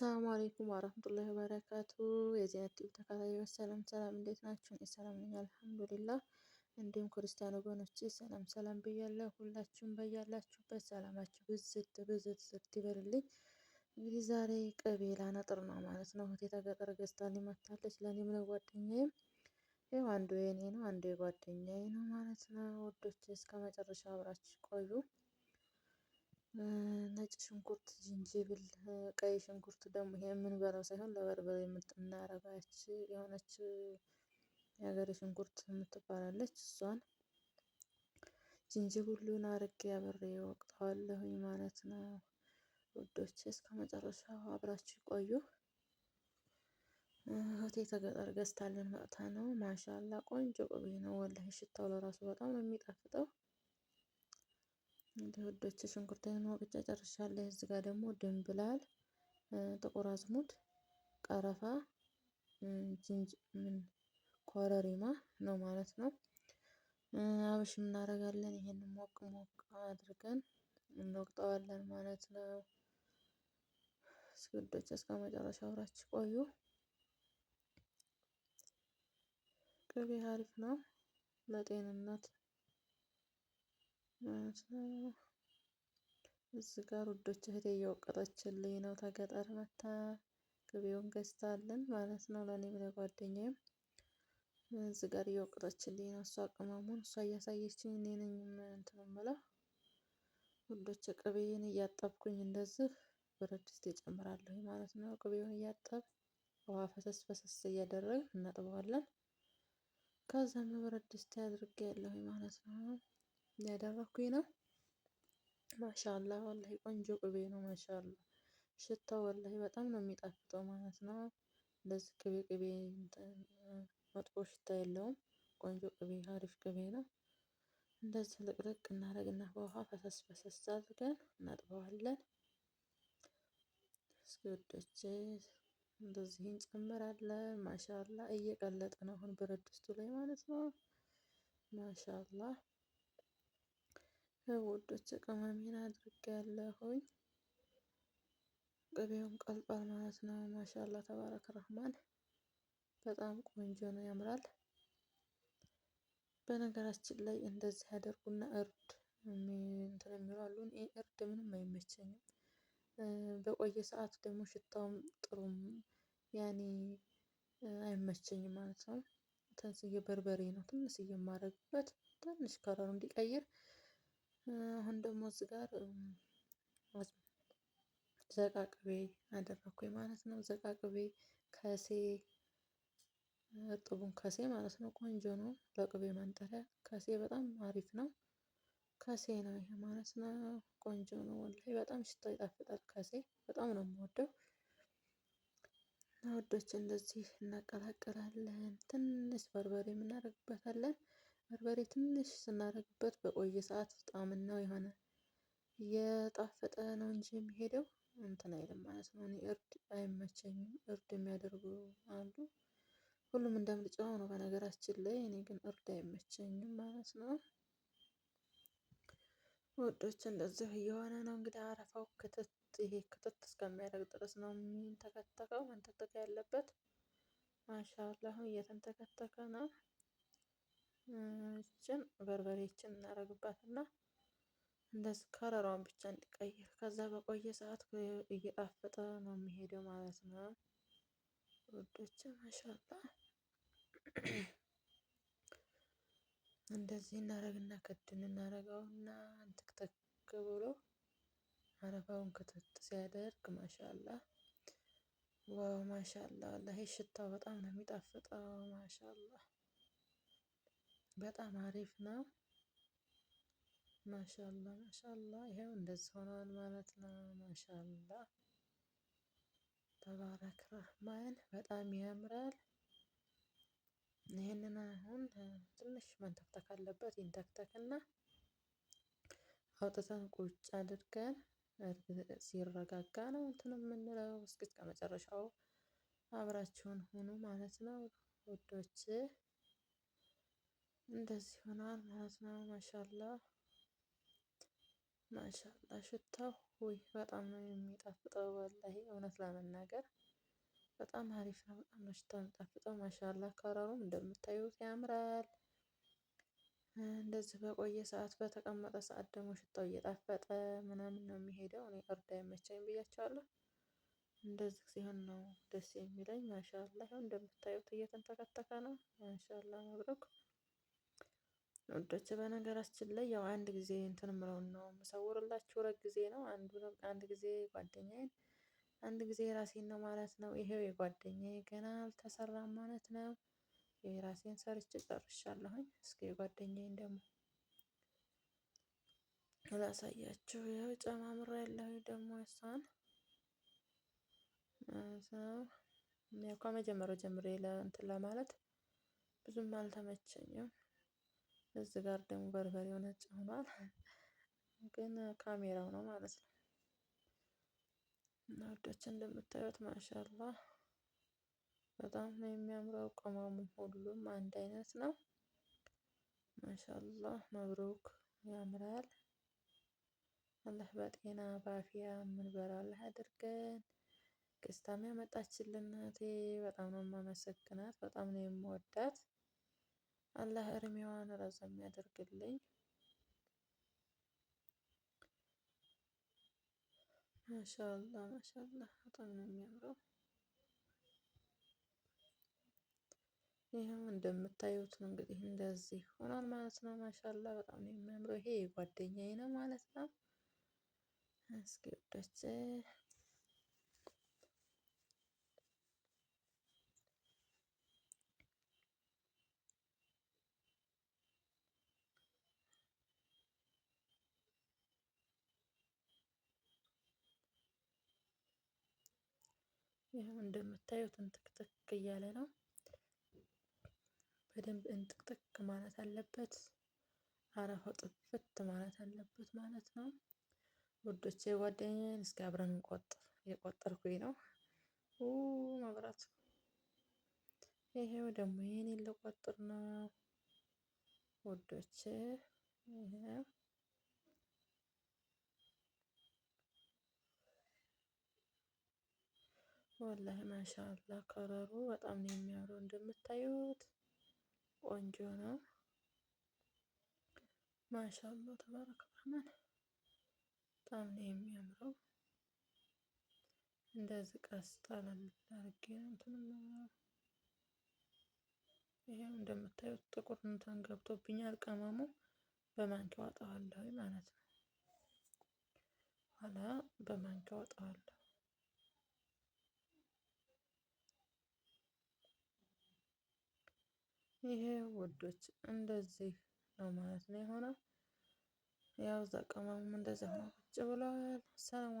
አሰላሙ አሌይኩም ወረህመቱላሂ ወበረካቱ። የዜና ቲቪ ተከታታዮች ሰላም ሰላም፣ እንዴት ናችሁ? እኔ ሰላም ነኝ አልሐምዱሊላህ። እንዲሁም ክርስቲያን ወገኖች ሰላም ሰላም ብያለሁ። ሁላችሁም በያላችሁበት ሰላማችሁ ብዝት ብዝት ዝት ይበልልኝ። እንግዲህ ዛሬ ቅቤ ላነጥር ነው ማለት ነው። እህቴ ከገጠር ገዝታ ሊመታለች ለእኔም ለጓደኛዬም። ይኸው አንዱ የኔ ነው፣ አንዱ የጓደኛዬ ነው ማለት ነው። ወዶች እስከ መጨረሻ አብራችሁ ቆዩ። ነጭ ሽንኩርት፣ ዝንጅብል፣ ቀይ ሽንኩርት ደግሞ ይሄ የምንበላው ሳይሆን ለበርበሬ የምናረጋች የሆነች የሀገሬ ሽንኩርት የምትባላለች እሷን ዝንጅብሉን አርጌ አብሬ ወቅጠዋለሁኝ ማለት ነው። ውዶች እስከ መጨረሻው አብራችሁ ቆዩ። እህቴ ተገጠር ገዝታለን መጥታ ነው። ማሻላ ቆንጆ ቅቤ ነው ወላሂ፣ ሽታው ለራሱ በጣም ነው የሚጣፍጠው። ተወዶች ሽንኩርቴን ወቅጬ ጨርሻለሁ። እዚህ ጋር ደግሞ ድንብላል፣ ጥቁር አዝሙድ፣ ቀረፋ፣ ኮረሪማ ነው ማለት ነው። አብሽ እናደርጋለን። ይሄን ሞቅ ሞቅ አድርገን እንወቅጠዋለን ማለት ነው። ስግዶች እስከ መጨረሻ አብራችሁ ቆዩ። ቅቤ አሪፍ ነው ለጤንነት እዚህ ጋር ውዶች እህቴ እየወቀጠችልኝ ነው። ተገጠር መታ ቅቤውን ገዝታለን ማለት ነው ለእኔም ለጓደኛዬም እዚህ ጋር እየወቀጠችልኝ ነው። እሷ ቅመሙን እሷ እያሳየችኝ እኔ ነኝ እንትን የምለው ውዶች። ቅቤን እያጠብኩኝ እንደዚህ ብረት ድስት ማለት ነው። ቅቤውን እያጠብ ውሃ ፈሰስ ፈሰስ እያደረግን እናጥበዋለን። ከዛም ብረት ድስት አድርጌ ያለሁኝ ማለት ነው። ያደረኩኝ ነው። ማሻላ ወላሂ ቆንጆ ቅቤ ነው። ማሻላ ሽታው ወላሂ በጣም ነው የሚጣፍጠው ማለት ነው። እንደዚህ ቅቤ ቅቤ መጥፎ ሽታ የለውም። ቆንጆ ቅቤ አሪፍ ቅቤ ነው። እንደዚህ ልቅልቅ እናደርግና በውሃ ፈሰስ ፈሰስ አድርገን እናጥበዋለን። እስኪ ወዶቼ እንደዚህ እንጨምራለን። ማሻላ እየቀለጠ ነው አሁን ብረት ድስቱ ላይ ማለት ነው። ማሻላ ውዶች ቅመሜን አድርጌያለሁኝ። ቅቤውን ቀልጧል ማለት ነው። ማሻላ ተባረክ ረህማን በጣም ቆንጆ ነው፣ ያምራል። በነገራችን ላይ እንደዚህ ያደርጉና እርድ እንትን የሚሉ አሉ። እርድ ምንም አይመቸኝም። በቆየ ሰዓት ደግሞ ሽታውም ጥሩም ያኔ አይመቸኝም ማለት ነው። ትንሽዬ በርበሬ ነው ትንሽዬ የማደርግበት ትንሽ ከረሩ እንዲቀይር አሁን ደግሞ እዚህ ጋር ዘቃቅቤ አደረኩኝ ማለት ነው። ዘቃቅቤ ከሴ እርጥቡን ከሴ ማለት ነው። ቆንጆ ነው ለቅቤ ማንጠሪያ ከሴ በጣም አሪፍ ነው። ከሴ ነው ይሄ ማለት ነው። ቆንጆ ነው ወላሂ በጣም ሽታ ይጣፍጣል። ከሴ በጣም ነው የምወደው። ውዶች እንደዚህ እናቀላቅላለን። ትንሽ በርበሬ የምናደርግበታለን። በርበሬ ትንሽ ስናደርግበት በቆየ ሰዓት ጣዕምናው የሆነ እየጣፈጠ ነው እንጂ የሚሄደው እንትን አይልም ማለት ነው። እኔ እርድ አይመቸኝም። እርድ የሚያደርጉ አሉ። ሁሉም እንደምርጫው ነው በነገራችን ላይ። እኔ ግን እርድ አይመቸኝም ማለት ነው። ወዶች እንደዚህ እየሆነ ነው እንግዲህ አረፋው ክትት ይሄ ክትት እስከሚያደርግ ድረስ ነው የሚንተከተከው። መንተከተክ ያለበት ማሻላህ እየተንተከተከ ነው። ድንችን በርበሬችን እናደርግባትና እንደዚህ ከለሯን ብቻ እንዲቀይር ከዛ በቆየ ሰዓት እየጣፈጠ ነው የሚሄደው ማለት ነው። ውዶች ማሻላ እንደዚህ እናረግና ክድን እናረገውና ትክተክ ብሎ አረፋውን ክትት ሲያደርግ ማሻላ ዋው ማሻላ ወላሂ ሽታው በጣም ነው የሚጣፍጠው ማሻላ በጣም አሪፍ ነው። ማሻላ ማሻላ ይሄው እንደዚህ ሆኗል ማለት ነው። ማሻላ ተባረክ ረህማን በጣም ያምራል። ይህንን አሁን ትንሽ መንተክተክ አለበት። ይንተክተክና አውጥተን ቁጭ አድርገን ሲረጋጋ ነው እንትን የምንለው። እስኪ እስከ መጨረሻው አብራችሁን ሁኑ ማለት ነው ውዶች። እንደዚህ ሆኗል ማለት ነው። ማሻላ ማሻላ ሽታው ወይ በጣም ነው የሚጣፍጠው። ወላሂ እውነት ለመናገር በጣም አሪፍ ነው። በጣም ነው ሽታው የሚጣፍጠው። ማሻላ ከረሩም እንደምታዩት ያምራል። እንደዚህ በቆየ ሰዓት በተቀመጠ ሰዓት ደግሞ ሽታው እየጣፈጠ ምናምን ነው የሚሄደው። እኔ እርዳ አይመቸኝ ብያቸዋለሁ። እንደዚህ ሲሆን ነው ደስ የሚለኝ። ማሻላ ይሁን እንደምታዩት እየተንተከተከ ነው። ማሻላ መብረኩ ውዶች በነገራችን ላይ ያው አንድ ጊዜ እንትን ምለውን ነው የምሰውርላችሁ። ሁለት ጊዜ ነው አንዱ አንድ ጊዜ ጓደኛዬን አንድ ጊዜ የራሴን ነው ማለት ነው። ይሄው የጓደኛዬ ገና አልተሰራም ማለት ነው። የራሴን ሰርቼ ጨርሻለሁኝ። እስኪ የጓደኛዬን ደግሞ ላሳያችሁ። ይኸው ጨማምሮ ያለሁ ደግሞ እሷን ያው ከመጀመሪያው ጀምሬ ለእንትን ለማለት ብዙም አልተመቸኝም። እዚህ ጋር ደግሞ በርበሬው ነጭ ሆኗል፣ ግን ካሜራው ነው ማለት ነው። እና ውዶች እንደምታዩት ማሻላ በጣም ነው የሚያምረው። ቅመሙ ሁሉም አንድ አይነት ነው። ማሻላ መብሩክ ያምራል። አላህ በጤና ባፊያ የምንበላ አድርገን። ገዝታም ያመጣችልን እህቴ በጣም ነው የማመሰግናት፣ በጣም ነው የምወዳት። አላህ እርሜዋን ረዘም ያደርግልኝ። ማሻላ ማሻላ በጣም ነው የሚያምረው። ይህም እንደምታዩት ነው እንግዲህ እንደዚህ ሆኗል ማለት ነው። ማሻላ በጣም ነው የሚያምረው። ይሄ ጓደኛዬ ነው ማለት ነው። እስኪ ወዳች ይኸው እንደምታዩት እንጥቅጥቅ እያለ ነው። በደንብ እንጥቅጥቅ ማለት አለበት። አረፋው ጥፍት ማለት አለበት ማለት ነው ውዶቼ፣ ጓደኛዬን እስኪ አብረን እንቆጥር። እየቆጠርኩኝ ነው። ኡ መብራቱ ይሄው ደግሞ ይሄን ልቆጥር ነው ውዶቼ። ወላሂ ማሻአላ ከለሩ በጣም ነው የሚያምረው። እንደምታዩት ቆንጆ ነው። ማሻአላ ተባረከ ረህማን በጣም ነው የሚያምረው። እንደዚህ ቀስ ጣላል አድርጌ ይሄው እንደምታዩት ጥቁር እንትን ገብቶብኛል። ቀመሙ በማንኪያ አወጣዋለሁ ማለት ነው። ኋላ በማንኪያ አወጣዋለሁ። ይሄ ውዶች እንደዚህ ነው ማለት ነው የሆነው። ያው እዛ እንደዚህ ሆኖ ቁጭ ብለዋል። ሰላም